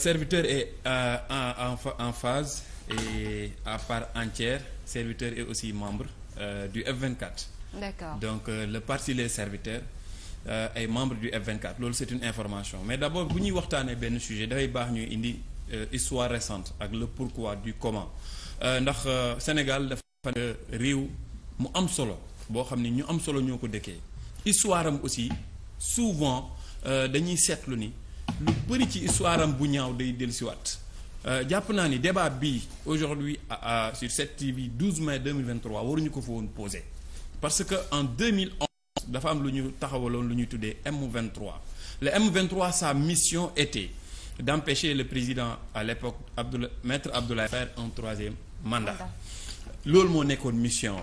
serviteur et euh, en, en, en phase et à part entière serviteur et aussi membre euh, du F24 d'accord donc euh, le parti les serviteurs ay euh, membre du F24 loolu c'est une information mais d'abord bu ñuy waxtaanee benn sujet dafay baax ñuy indi euh, histoire récente ak le pourquoi du comment euh, ndax Sénégal dafa réew mu am solo boo xam ne ñu am solo ñoo ko dëkkee histoire am aussi souvent dañuy seetlu ni lu bëri ci histoire am bu ñaaw day dellusiwaat euh, jàpp naa ni débat bi aujourd'hui euh, euh, sur cette TV 12 mai 2023 waruñu ko fa woon posé parce que en 2011 dafa am lu ñu taxawaloon lu ñuy tuddee M23 le M23 sa mission était d'empêcher le président à l'époque Abdoula maitre Abdoulaye faire un troisième mandat loolu moo nekkoon mission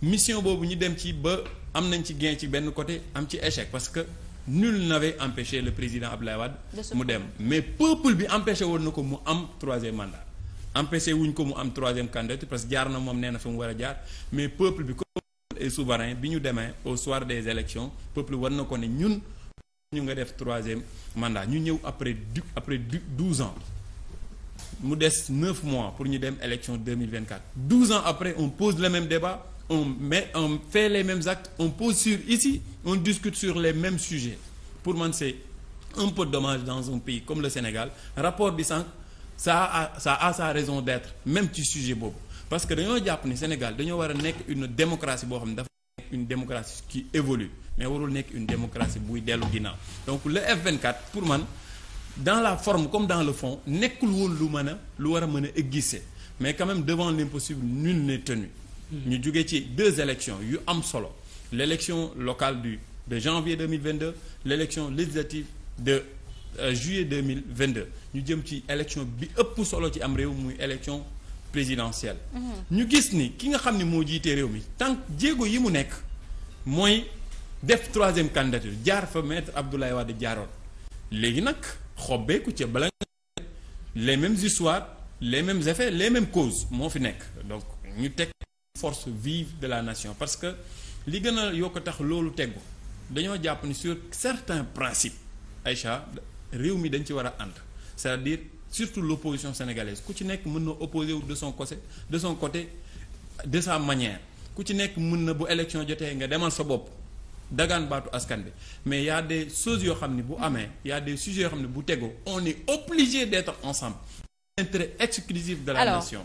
mission boobu ñu dem ci ba am nañ ci gain ci benn côté am ci échec parce que nul n'avait empêché le président Abdoulaye Wade mu dem mais peuple bi empêché woon na ko mu am troisième mandat empêché wuñ ko mu am troisième candidat parce que jaar na moom nee na fi mu war a jaar mais peuple bi comme est souverain bi ñu demee au soir des élections peuple war na ko ne ñun ñu nga def troisième mandat ñu ñëw après du après douze ans mu des neuf mois pour ñu dem élection 2024 douze ans après on pose le même débat on met les mêmes actes on pose sur ici on discute sur les mêmes sujets pour man c'est un peu dommage dans un pays comme le Sénégal rapport bi sànq sa a ça a sa raison d'être même ci sujet boobu parce que dañoo jàpp ni Sénégal dañoo war a nekk une démocratie boo xam ne dafa nekk une démocratie ki évolue mais warul nekk une démocratie buy dellu ginnaaw donc le f pour man dans la forme comme dans le fond nekkul woon lu mën a lu war a mën a exister mais quand même devant l'impossible nul ne tenu. Hmm. ñu jógee ci deux élections yu am solo l'élection locale du de janvier 2022 l'élection législative de euh, vingt de ñu jëm ci élection bi ëpp solo ci am réew muy élection présidentielle mhm. ñu gis ni ki nga xam ne moo jiitee réew mi tànk jéego yi mu nekk mooy def troisième candidature jaar fa maître Abdoulaye Wade jaaroon léegi nag xobbeeku ca bala nga les mêmes histoires les mêmes effets les mêmes causes moo fi nekk donc ñu teg force vive de la nation parce que li gën a yoo tax loolu tegu dañoo jàpp ni sur certains principes Aïcha réew mi dañ ci war a ànd c'est-à-dire surtout l'opposition sénégalaise ku ci nekk mën na opposer wu de son côté de son côté de sa manière ku ci nekk mën na bu élection jotee nga demal sa bopp dagaan baatu askan bi mais yaa a des choses yoo xam ne bu amee yaa a des sujets yoo xam ne bu tegoo on est obligé d'être ensemble intérêt exclusif de la nation